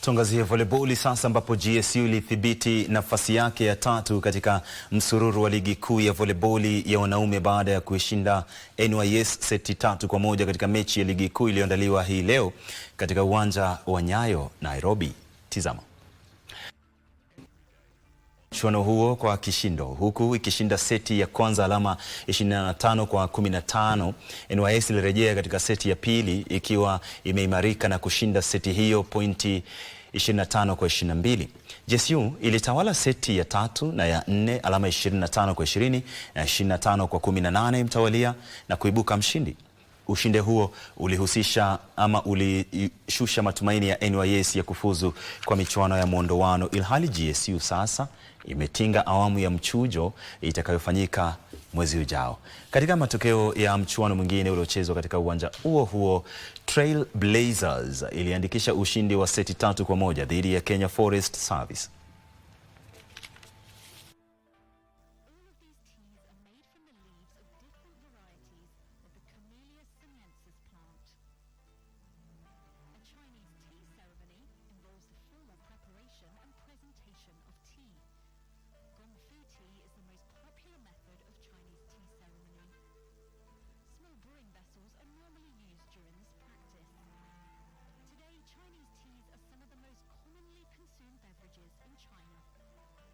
Tuangazie voleiboli sasa ambapo GSU ilithibiti nafasi yake ya tatu katika msururu wa ligi kuu ya voleiboli ya wanaume baada ya kuishinda NYS seti tatu kwa moja katika mechi ya ligi kuu iliyoandaliwa hii leo katika uwanja wa Nyayo, Nairobi. Tizama mchuano huo kwa kishindo, huku ikishinda seti ya kwanza alama 25 kwa 15. NYS ilirejea katika seti ya pili ikiwa imeimarika na kushinda seti hiyo pointi 25 kwa 22. JSU ilitawala seti ya tatu na ya nne alama 25 kwa 20 na 25 kwa 18 mtawalia na kuibuka mshindi. Ushindi huo ulihusisha ama ulishusha matumaini ya NYS ya kufuzu kwa michuano ya mwondoano, ilhali GSU sasa imetinga awamu ya mchujo itakayofanyika mwezi ujao. Katika matokeo ya mchuano mwingine uliochezwa katika uwanja huo huo, Trail Blazers iliandikisha ushindi wa seti tatu kwa moja dhidi ya Kenya Forest Service.